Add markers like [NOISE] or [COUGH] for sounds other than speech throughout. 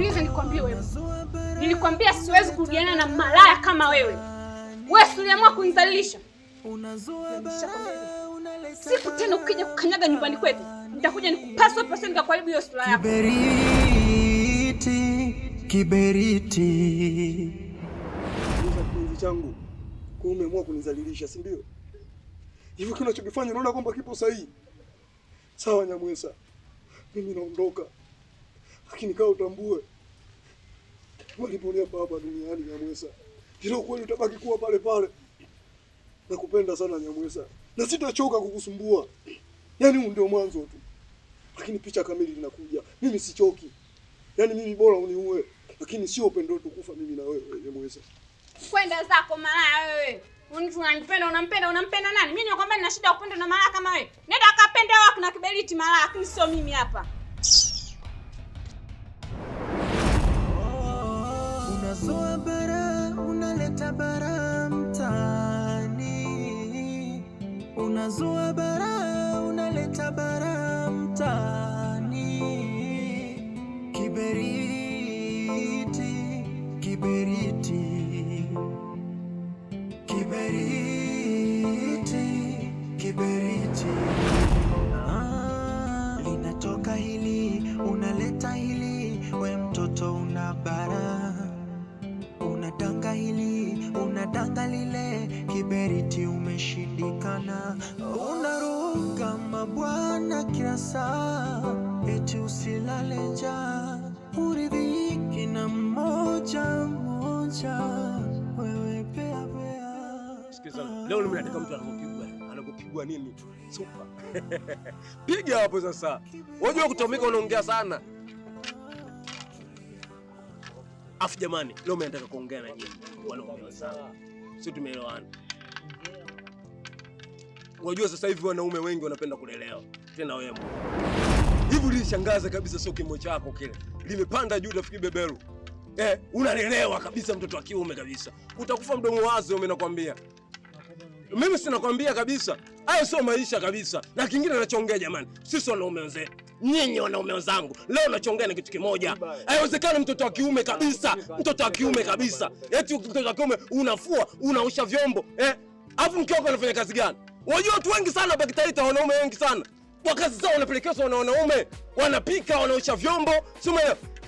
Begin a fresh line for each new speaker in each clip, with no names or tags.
Sikiliza nikwambie wewe. Nilikwambia siwezi kurudiana na malaya kama wewe. Wewe si uliamua kunidhalilisha. Siku tena ukija kukanyaga nyumbani kwetu, nitakuja nikupaswa pesa nikakaribu hiyo sura yako.
Kiberiti, kiberiti.
Kipenzi changu, kwa umeamua kunidhalilisha, si ndio? Hivyo kile unachokifanya unaona kwamba kipo sahihi. Sawa Nyamwesa. Mimi naondoka. Lakini kaa utambue waliponepa hapa duniani Nyamwesa, kila ukweli utabaki kuwa pale pale. Nakupenda sana Nyamwesa na sitachoka kukusumbua, yaani huu ndio mwanzo tu, lakini picha kamili linakuja. Mimi sichoki, yaani mimi bora uniue, lakini sio upendo kufa mimi na wewe Nyamwesa.
Kwenda zako malaya wewe. Mtu unanipenda unampenda unampenda nani? Mimi nikwambia nina shida ya kupenda na malaya kama wewe. Nenda akapenda wako na kiberiti malaya, lakini sio mimi hapa. unazua
nataka mtu anapopigwa anapopigwa nini super [LAUGHS] piga hapo sasa. Unajua kutomika, unaongea sana. Afu jamani, leo mimi nataka kuongea na nyinyi wanaongea sana, sio? Tumeelewana? Unajua sasa hivi wanaume wengi wanapenda kulelewa tena wewe hivi ulishangaza kabisa, sio kimo chako kile limepanda juu, tafikiri beberu eh, unalelewa kabisa, mtoto wa kiume kabisa, utakufa mdomo wazi, mimi nakwambia. Mimi sinakwambia kabisa, hayo sio maisha kabisa. Na kingine nachoongea jamani, sisi wanaume wazee, nyinyi wanaume wenzangu, leo nachongea na kitu kimoja. Haiwezekani mtoto wa kiume kabisa, mtoto wa kiume kabisa, eti mtoto wa kiume unafua unaosha vyombo eh, alafu mke wako anafanya kazi gani? Wajua watu wengi sana hapa Kitaita, wanaume wengi sana kwa kazi zao wanapelekezwa na wanaume, wanapika, wanaosha vyombo, sio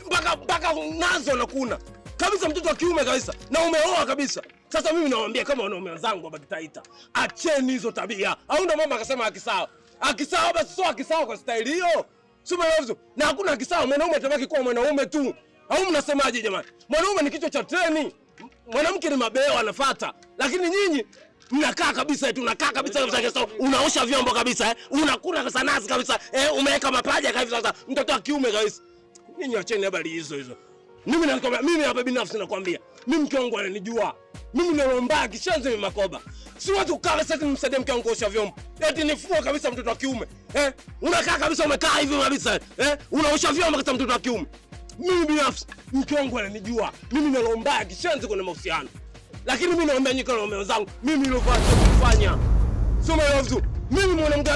mpaka mpaka nazo nakuna kabisa, mtoto wa kiume kabisa, na umeoa kabisa sasa mimi nawaambia kama wanaume wenzangu hapa Kitaita, acheni hizo tabia. Au ndo mama akasema akisawa. Akisawa basi sio akisawa kwa staili hiyo. Sio hivyo. Na hakuna akisawa, mwanaume atabaki kuwa mwanaume tu. Au mnasemaje jamani? Mwanaume ni kichwa cha treni. Mwanamke ni mabeo anafuata. Lakini nyinyi mnakaa kabisa eti unakaa kabisa kabisa kabisa, unaosha vyombo kabisa eh, unakula kabisa nazi kabisa eh, umeweka mapaja kabisa, sasa. mtoto wa kiume kabisa. Nyinyi acheni habari hizo hizo. Mimi nakwambia, mimi hapa binafsi nakwambia, mimi mke wangu ananijua. Mimi nilomba kishanzi mimi makoba. Si watu kale sasa nimsaidie mke wangu kuosha vyombo. Eti nifua kabisa mtoto wa kiume. Eh? Unakaa kabisa umekaa hivi kabisa. Eh? Unaosha vyombo kama mtoto wa kiume. Mimi binafsi mke wangu ananijua. Mimi nilomba kishanzi kwenye mahusiano. Lakini mimi naomba nyinyi mume wangu. mimi nilofanya kufanya. Sio mimi mwanamke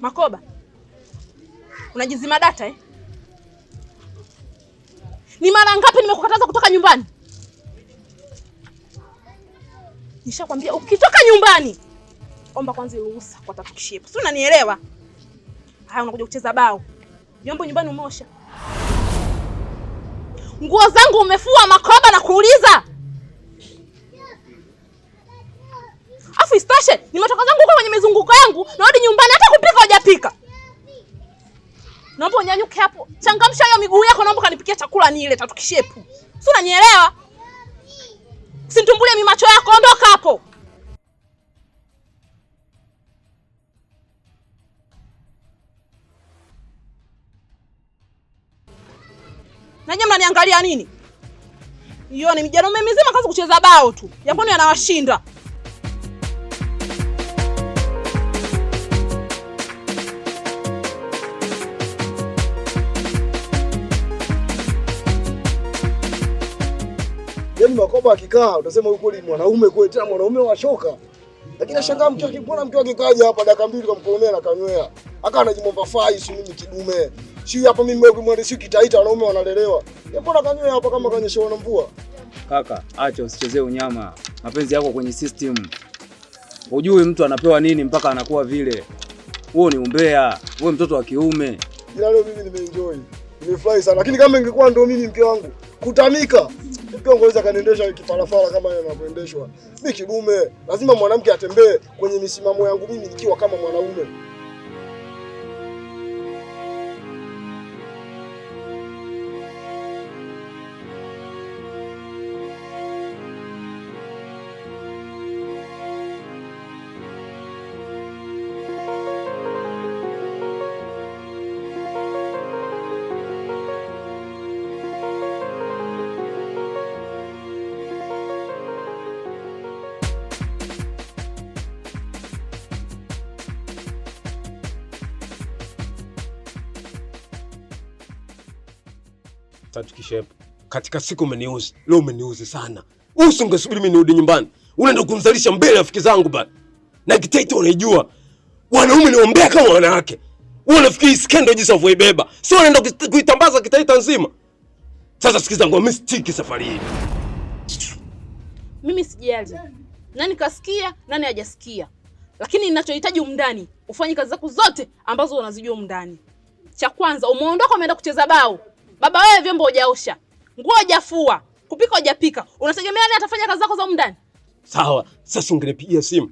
Makoba, unajizima data eh? Ni mara ngapi nimekukataza kutoka nyumbani? Nishakwambia ukitoka nyumbani omba kwanza ruhusa kwa tatukishie. Si unanielewa? Haya, unakuja kucheza bao. Vyombo nyumbani umeosha, nguo zangu umefua, Makoba, na kuuliza Changamsha hiyo miguu yako, naomba kanipikia chakula nile, tatukishepu. Si unanielewa? Sintumbulie mimacho yako, ondoka hapo. Nanyi mnaniangalia nini? Iyo ni mijarume mizima kazi kucheza bao tu. Yaponi yanawashinda.
Yaani Makoba akikaa utasema huyu kweli mwanaume kweli tena mwanaume wa shoka. Lakini nashangaa mtu akipona mtu akikaja hapa dakika mbili kwa kamkolomea na kanywea. Aka anajimomba fai si mimi kidume. Si hapa mimi mwe mwende si kitaita wanaume wanalelewa. Ya mbona kanywea hapa kama kanyesha na mvua?
Kaka, acha usichezee unyama. Mapenzi yako kwenye system. Ujui mtu anapewa nini mpaka anakuwa vile. Huo ni umbea. Wewe mtoto wa kiume.
Ila leo mimi nimeenjoy. Nimefurahi sana. Lakini kama ingekuwa ndio mimi mke wangu kutamika. Kiongozi kaniendesha kifarafara kama anavyoendeshwa. Mi kidume, lazima mwanamke atembee kwenye misimamo yangu mimi nikiwa kama mwanaume.
kishepo. Katika siku umeniuzi, leo umeniuzi sana. Usi ungesubiri mimi nirudi nyumbani. Unaenda kumzalisha mbele rafiki zangu bana. Na kitete unaijua. Wanaume ni wambea kama wanawake. Wewe unafikiri skendo jinsi unavyoibeba. Sio unaenda kuitambaza kitaita nzima. Sasa sikiza ngoma mimi sitiki safari hii.
Mimi sijali. Nani kasikia, nani hajasikia. Lakini ninachohitaji umndani, ufanye kazi zako zote ambazo unazijua umndani. Cha kwanza umeondoka umeenda kucheza bao. Baba wewe vyombo hujaosha, nguo hujafua, kupika hujapika, unategemea nani atafanya kazi zako za humu ndani?
Sawa, sasa ungenipigia simu,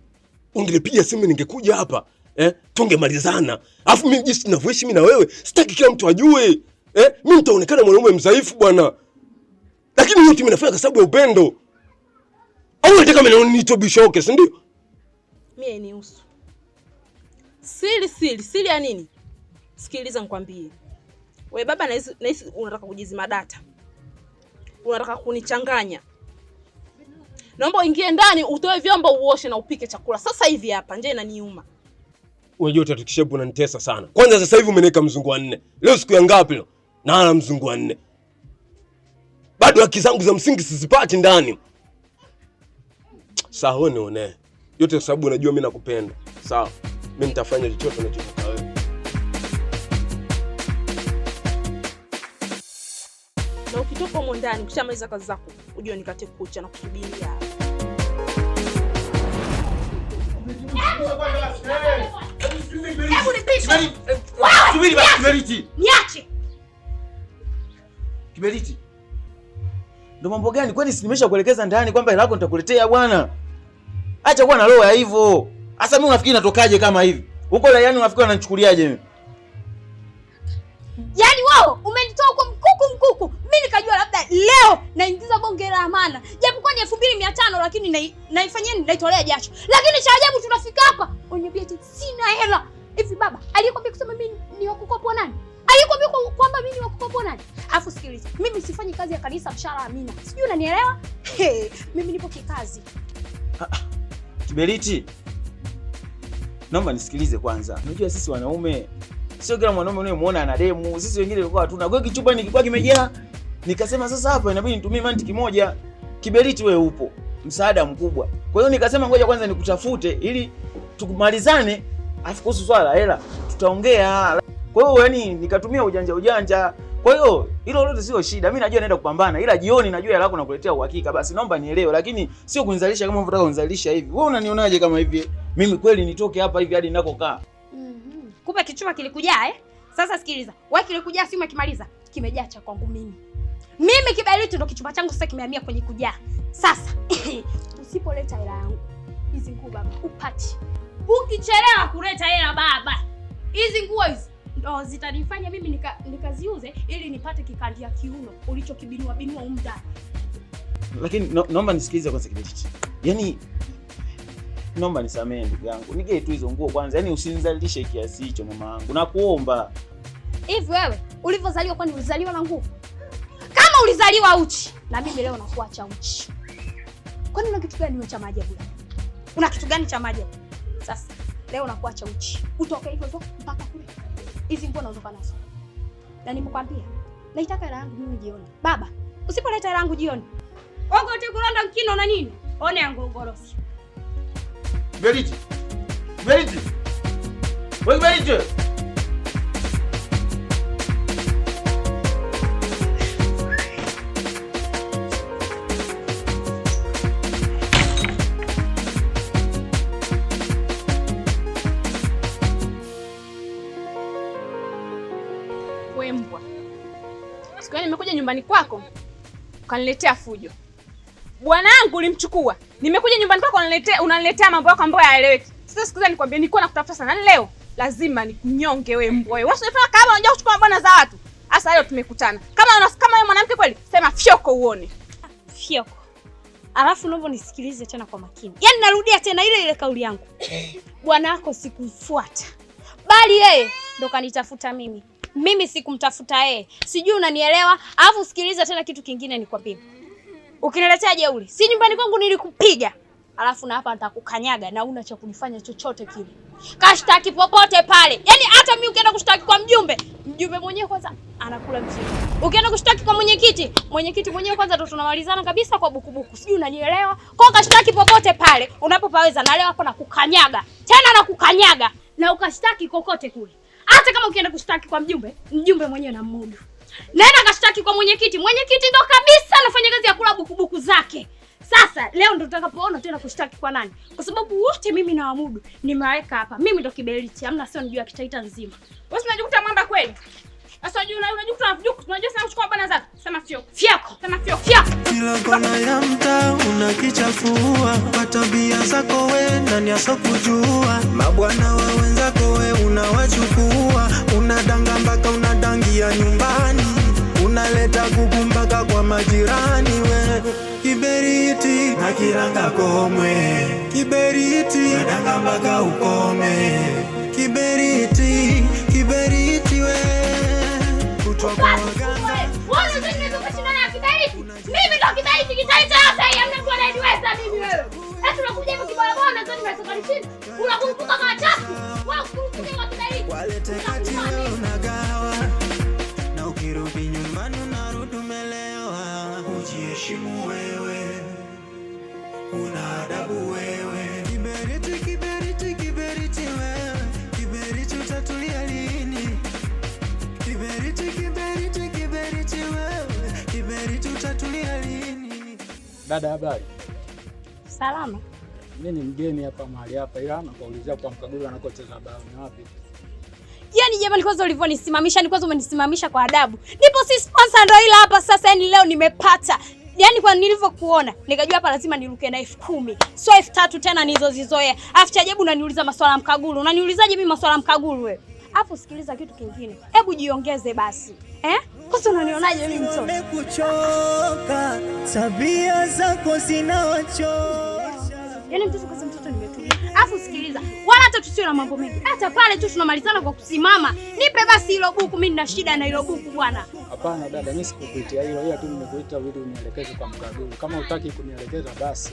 ungenipigia simu ningekuja hapa eh, tungemalizana. Alafu mimi jinsi ninavyoishi mimi na wewe sitaki kila mtu ajue eh, mimi nitaonekana mwanaume mdhaifu bwana, lakini yote mimi nafanya kwa sababu ya upendo. Au unataka mimi niite bishoke, si ndio?
Mimi ni usu siri siri siri ya nini? Sikiliza nikwambie. We baba, nahisi unataka kujizima data, unataka kunichanganya. Naomba uingie ndani utoe vyombo uoshe na upike chakula sasa hivi hapa, njaa inaniuma.
Unajua utatukishebu unanitesa sana. Kwanza sasa hivi umeniweka mzungu wa nne. Leo siku ya ngapi leo? Naana mzungu wa nne. Bado haki zangu za msingi sizipati ndani. Sawa, wewe nione. Yote kwa sababu unajua mimi nakupenda. Sawa. Mimi nitafanya chochote unachotaka.
ukitoka humo ndani ukishamaliza kazi zako ujue nikate kucha na kusubiria.
Kiberiti. Ndo mambo gani? Kwani si kuelekeza ndani kwamba hela yako nitakuletea bwana. Acha kuwa na roho ya hivyo. Sasa mimi unafikiri natokaje kama hivi? Huko la unafikiri wananichukuliaje mimi?
Yaani wao umenitoa kwa mkuku mkuku mi nikajua labda leo naingiza bonge la amana, japokuwa ni elfu mbili mia tano lakini naifanyeni, naitolea jasho. Lakini cha ajabu tunafika hapa uniambia eti sina hela. Hivi baba aliyekwambia kusema mi ni wakukopwa nani? Aliyekwambia kwamba mi ni wakukopwa nani? Alafu sikiliza, mimi sifanyi kazi ya kanisa, mshahara amina, sijui unanielewa? Hey, mimi nipo kikazi. Ah,
ah. Kiberiti, naomba nisikilize kwanza. Unajua sisi wanaume sio kila mwanaume unayemwona ana demu. Sisi wengine tulikuwa hatuna. Kwa hiyo kichupa nikikuwa kimejaa Nikasema sasa hapa inabidi nitumie mantiki moja. Kiberiti wewe upo, msaada mkubwa. Kwa hiyo nikasema ngoja kwanza nikutafute ili tukumalizane, afu kuhusu swala hela tutaongea. Kwa hiyo yani nikatumia ujanja ujanja. Kwa hiyo hilo lote sio shida. Mimi najua naenda kupambana, ila jioni najua hela yako nakuletea uhakika. Basi naomba nielewe, lakini sio kunizalisha kama unataka kunizalisha hivi. Wewe unanionaje kama hivi? Mimi kweli nitoke hapa hivi hadi ninakokaa? Mm
Kumbe kichuma kilikujaa eh? Sasa sikiliza. Wewe kilikujaa simu akimaliza Kimejaa cha kwangu mimi. Mimi kiberiti ndo kichumba changu sasa kimehamia kwenye kujaa. Sasa [COUGHS] usipoleta hela yangu hizi nguo baba upati, ukichelewa kuleta hela baba hizi nguo hizi ndo zitanifanya mimi nikaziuze nika, ili nipate kikandia kiuno ulichokibinua binua umda.
Lakini no, naomba nisikilize kwanza kiberiti, yaani naomba nisamehe ndugu yangu, nige tu hizo nguo kwanza, yaani usinizalishe kiasi hicho mama yangu, nakuomba.
Hivi wewe ulivyozaliwa kwani ulizaliwa na nguo? ulizaliwa uchi na mimi leo nakuwa cha uchi. Kwani una kitu gani cha maajabu? Una kitu gani cha maajabu? Sasa leo cha uchi, utoke hivyo hivyo mpaka kule. Hizi nguo naondoka nazo, na nimekwambia naitaka hela yangu mimi jioni. Baba, usipoleta hela yangu jioni ogoti kulonda mkino na nini, one yangu ugorosi
Meriti. Meriti. Wewe Meriti.
nyumbani kwako ukaniletea fujo. Bwanangu ulimchukua, nimekuja nyumbani kwako unaniletea unaniletea mambo yako ambayo hayaeleweki. Sasa sikuza nikwambie, nilikuwa nakutafuta sana, yaani leo lazima nikunyonge wewe mbwa wewe. Unafanya kama unajua kuchukua bwana za watu. Sasa leo tumekutana. Kama una kama wewe mwanamke kweli, sema fyoko uone. Fyoko. Alafu naomba nisikilize tena kwa makini. Yaani narudia tena ile ile kauli yangu. Bwana wako sikufuata. Bali yeye ndo kanitafuta mimi. Mimi sikumtafuta yeye, sijui unanielewa? Alafu sikiliza tena, kitu kingine nikwambie, ukiniletea jeuri, si nyumbani kwangu nilikupiga, alafu na hapa nitakukanyaga na una cha kunifanya chochote kile. Kashtaki popote pale, yaani hata mimi ukienda kushtaki kwa mjumbe, mjumbe mwenyewe kwanza anakula mzigo. Ukienda kushtaki kwa mwenyekiti, mwenyekiti mwenyewe kwanza ndo tunamalizana kabisa kwa bukubuku, sijui unanielewa? Kwa kashtaki popote pale unapopaweza, na leo hapa nakukanyaga tena, nakukanyaga na ukashtaki kokote kule. Hata kama ukienda kushtaki kwa mjumbe, mjumbe mwenyewe na mudu. Naenda kashtaki kwa mwenyekiti, mwenyekiti ndo kabisa anafanya kazi ya kula bukubuku zake. Sasa leo ndo tutakapoona tena kushtaki kwa nani, kwa sababu wote mimi na wamudu nimeweka hapa. Mimi ndo kiberiti, hamna sio, nijua kitaita nzima. Wewe unajikuta mwamba kweli. Sasa unajua unajua tunajua sana kuchukua bana zako. Sema sio. Fiako. Sema sio. Fiako.
Kila kona ya mtaa unakichafua kwa tabia zako we nani asokujua. Mabwana wa wenzako wewe unawachukua, unadanga mpaka unadangia nyumbani. Unaleta gugu mpaka kwa majirani we. Kiberiti na kiranga komwe. Kiberiti na danga mpaka ukome.
Unakumbuka kama chafu. Wao kwa kidariki.
Wale tekatini unagaa. Eti utatulia lini?
Dada, habari? Salama. Mimi ni mgeni hapa mahali hapa, ila nakuulizia kwa Mkaguru anakocheza bao ni wapi?
Yaani jamani, kwanza ulivyonisimamisha ni kwanza umenisimamisha kwa adabu. Nipo si sponsor ndo ila hapa sasa, yani leo nimepata. Yaani kwa nilivyokuona nikajua hapa lazima niruke na elfu kumi, sio elfu tatu tena nilizozizoea. Afu cha ajabu unaniuliza maswala ya Mkaguru. Unaniulizaje mimi maswala ya Mkaguru wewe? Afu sikiliza kitu kingine, hebu jiongeze basi eh? Sasa unanionaje mimi mtoto?
Nimekuchoka, tabia zako zinawachoka.
Yaani mtoto kaza mtoto nimetumia. Alafu sikiliza, wala hata tusio na mambo mengi. Hata pale tu tunamalizana kwa kusimama. Nipe basi hilo buku, mimi nina shida na hilo buku bwana.
Hapana dada, mimi sikukuitia hilo. Ila tu nimekuita ili unielekeze kwa mkaguzi. Kama hutaki kunielekeza basi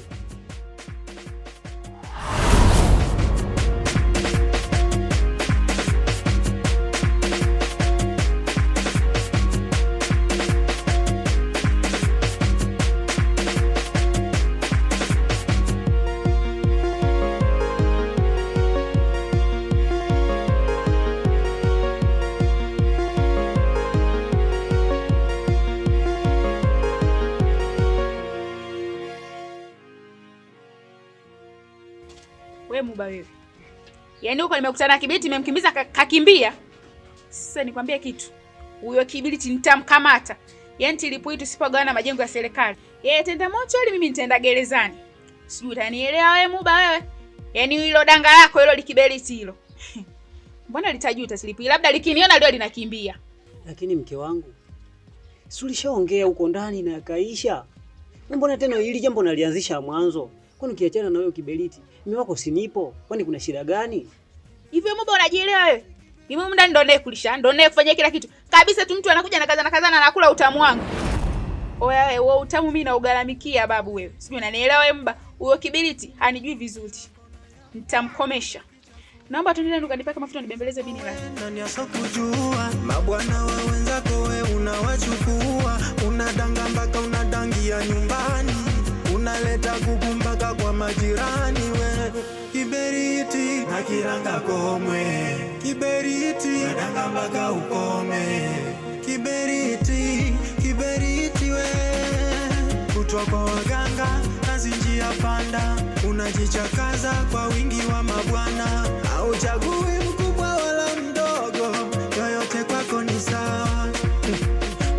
Yaani huko nimekutana na kibiriti nimemkimbiza kakimbia. Sasa nikwambie kitu. Huyo kibiriti nitamkamata. Yaani tilipo hii tusipogawana majengo ya serikali. Yeye tenda mocho ili mimi nitaenda gerezani. Sijui utanielewa wewe muba wewe. Yaani hilo danga lako hilo likibiriti hilo. [LAUGHS] Mbona litajuta silipi? Labda likiniona ndio linakimbia.
Lakini mke wangu, si ulishaongea huko ndani na akaisha. Mbona tena hili jambo nalianzisha mwanzo? Kwani ukiachana na wewe kiberiti, mimi wako sinipo. Kwani kuna shida gani?
Hivi wewe mbona unajielewa wewe? Ni mimi ndani ndo naye kulisha, ndo naye kufanyia kila kitu. Kabisa tu mtu anakuja na kaza na kaza na anakula utamu wangu. Oya wewe, wewe utamu mimi naugalamikia babu wewe. Sijui unanielewa wewe mba. Huyo kibiriti hanijui vizuri. Nitamkomesha. Naomba tuendelee ndo kanipaka mafuta nibembeleze bini la.
Nani asokujua mabwana wa wenzako wewe unawachukua, unadanga mpaka unadangia nyumbani. Unaleta kukumbaka kwa majirani kiberiti na kiranga komwe kiberiti nadanga mpaka ukome kiberiti kiberiti we kutwa kwa waganga kazi njia panda unajichakaza kwa wingi wa mabwana au chagui mkubwa wala mdogo yoyote kwako ni sawa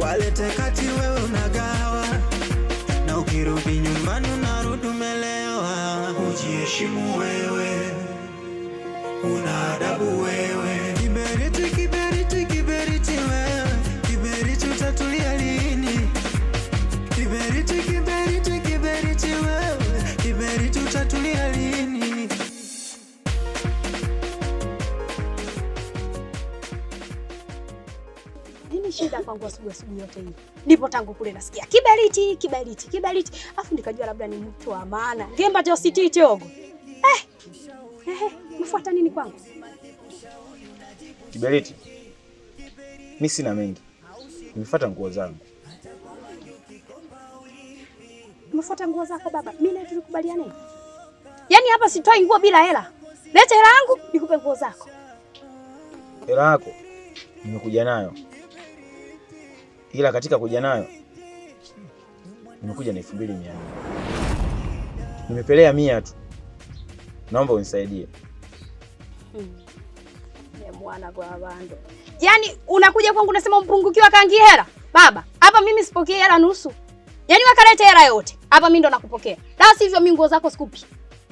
walete kati wewe unagawa na ukirudi nyumbani unarudi umelewa Jiheshimu wewe una adabu wewe. Kiberiti, kiberiti, kiberiti wewe, kiberiti utatulia lini? Kiberiti, kiberiti, kiberiti wewe, kiberiti utatulia lini?
Nini shida kwangu asubuhi asubuhi yote hii? Ndipo tangu kule nasikia kiberiti, kiberiti, kiberiti, afu nikajua labda ni mtu wa maana. Ngemba tio siti unanifuata nini kwangu?
Kiberiti, mi sina mengi, nimefuata nguo zangu.
Umefuata nguo zako baba, mi nawe tulikubaliana. Yaani hapa sitoi nguo bila hela. Leta hela yangu nikupe nguo zako.
Hela yako nimekuja nayo, ila katika kuja nayo nimekuja na elfu mbili mia nne nimepelea mia tu, naomba unisaidie
mwana mm. eh, kwa bando. Yaani unakuja kwangu unasema mpungukiwa kaangie hela baba, hapa mimi sipokee hela nusu. Yaani wakalete hela yote hapa, mimi ndo nakupokea, la sivyo mimi nguo zako sikupi.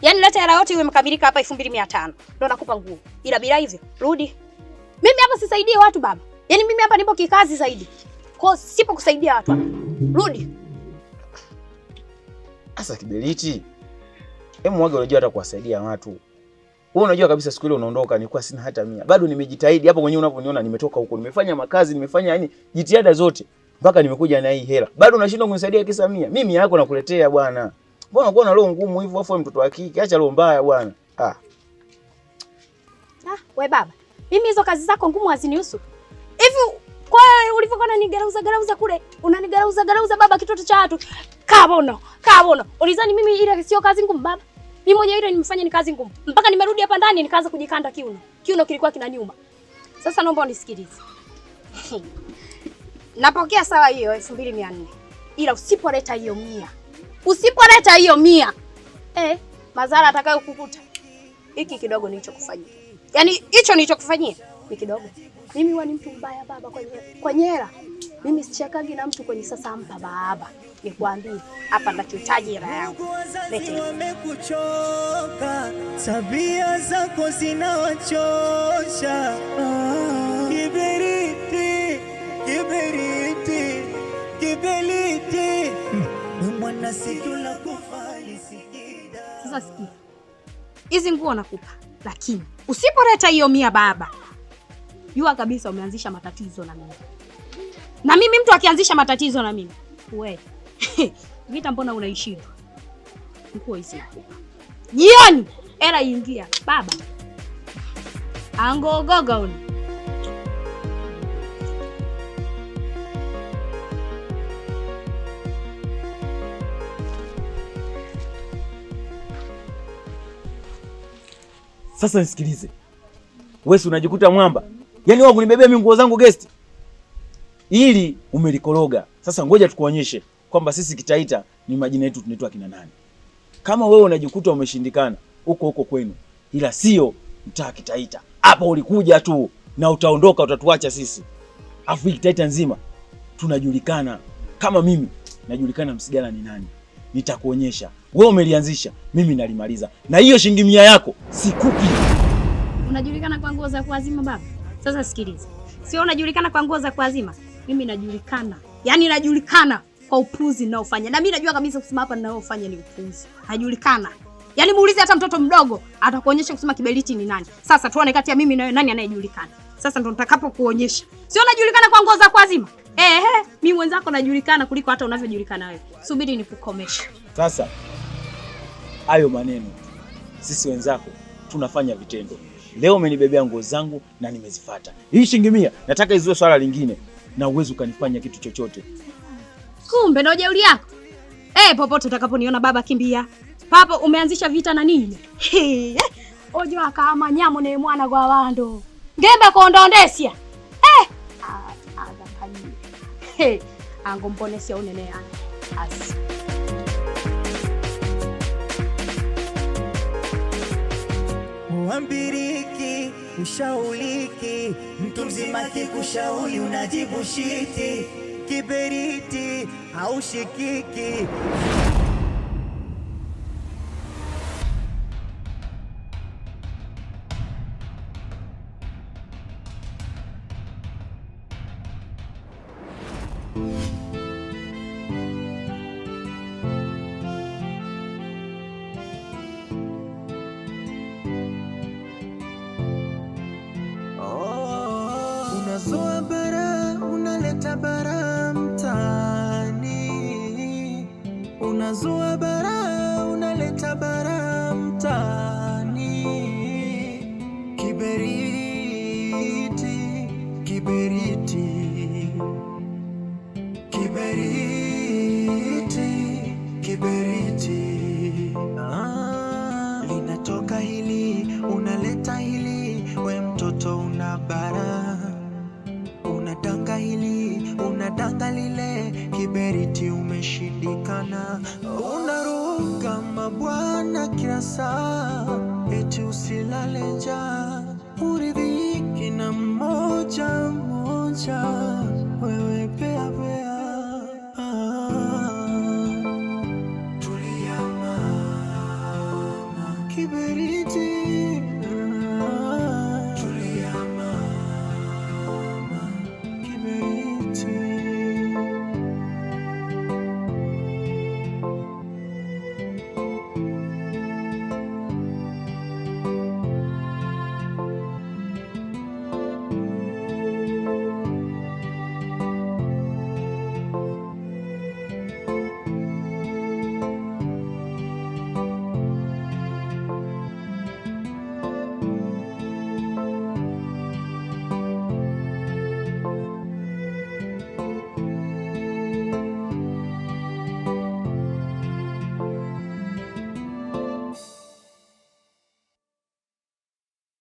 Yaani leta hela yote iwe imekamilika hapa, 2500. Ndio nakupa nguo, ila bila hivyo rudi. Mimi hapa sisaidie watu baba, yaani mimi hapa nipo kikazi zaidi, kwa sipo kusaidia watu hapa. Rudi
asa kiberiti, hebu mwage, unajua hata kuwasaidia watu wewe unajua kabisa siku ile unaondoka nilikuwa sina hata mia. Bado nimejitahidi hapo mwenyewe unavyoniona nimetoka huko. Nimefanya makazi, nimefanya yani jitihada zote mpaka nimekuja na hii hela. Bado unashindwa kunisaidia kisa mia. Mimi yako nakuletea bwana. Mbona unakuwa na roho ngumu hivyo afu mtoto wa kike? Acha roho mbaya bwana. Ah.
Ah, we baba. Mimi hizo kazi zako ngumu hazinihusu. Hivi kwa ulivyokuwa unanigarauza garauza kule, unanigarauza garauza baba kitoto cha watu. Kabono, kabono. Ulizani mimi ile sio kazi ngumu baba? Mimi moja hilo nimefanya ni kazi ngumu. Mpaka nimerudi hapa ndani nikaanza kujikanda kiuno. Kiuno kilikuwa kinaniuma. Sasa naomba unisikilize. [LAUGHS] Napokea sawa hiyo 2400. Ila usipoleta hiyo mia. Usipoleta hiyo mia. Eh, madhara atakayokukuta. Hiki kidogo nilichokufanyia. Yaani hicho nilichokufanyia ni kidogo. Mimi huwa ni mtu mbaya baba kwa nyera. Mimi sichekagi na mtu kwenye sasa mpa baba. Nikwambie hapa nachohitaji hela yangu.
Wamekuchoka, tabia zako zinawachosha. Ah. Kiberiti, kiberiti, kiberiti. Hmm. Mwana siku la kufa lisikida.
Sasa sikia. Hizi nguo nakupa, lakini usipoleta hiyo mia baba, jua kabisa umeanzisha matatizo na mimi na mimi mtu akianzisha matatizo na mimi we [LAUGHS] vita, mbona unaishia mkuu? Hizi jioni era ingia baba angogogauni
Sasa nisikilize, wesi unajikuta mwamba, yaani wewe kunibebea mimi nguo zangu gesti ili umelikoroga. Sasa ngoja tukuonyeshe kwamba sisi Kitaita ni majina yetu tunaitwa kina nani. Kama wewe unajikuta umeshindikana huko huko kwenu, ila sio mtaa Kitaita. Hapa ulikuja tu na utaondoka, utatuacha sisi. Afu Kitaita nzima tunajulikana. Kama mimi najulikana, Msigala ni nani, nitakuonyesha. Wewe umelianzisha, mimi nalimaliza, na hiyo shilingi mia yako sikupi.
Unajulikana kwa nguo za kuazima baba. Sasa sikiliza, sio unajulikana kwa nguo za kuazima mimi najulikana, yaani najulikana kwa upuzi ninaofanya, na mimi najua kabisa kusema hapa ninayofanya ni upuzi, najulikana. Yaani muulize hata mtoto mdogo atakuonyesha kusema kiberiti ni nani. Sasa tuone kati ya mimi na wewe nani anayejulikana. Sasa ndo nitakapokuonyesha. Sio najulikana kwa ngoza kwa zima. Eh, mimi mwenzako najulikana kuliko hata unavyojulikana wewe. Subiri nikukomeshe.
Sasa hayo maneno sisi wenzako tunafanya vitendo. Leo umenibebea nguo zangu na nimezifuata. Hii shilingi mia nataka izue swala lingine na uwezi ukanifanya kitu chochote.
Kumbe ndio jeuri yako eh! Popote utakaponiona baba, kimbia papo. Umeanzisha vita na nini? ojo eh, akaama nyamo ne mwana gwa wando ngembe kondondesia eh! hey, unene yani asi
uambiriki mshauliki, mtu mzima kikushauri unajibu shiti, kiberiti haushikiki. Kiberiti, kiberiti ah, linatoka hili unaleta hili, we mtoto una bara, unadanga hili unadanga lile, kiberiti umeshindikana. Unaruka mabwana kila saa, eti usilale njaa, uridhiki na mmoja mmoja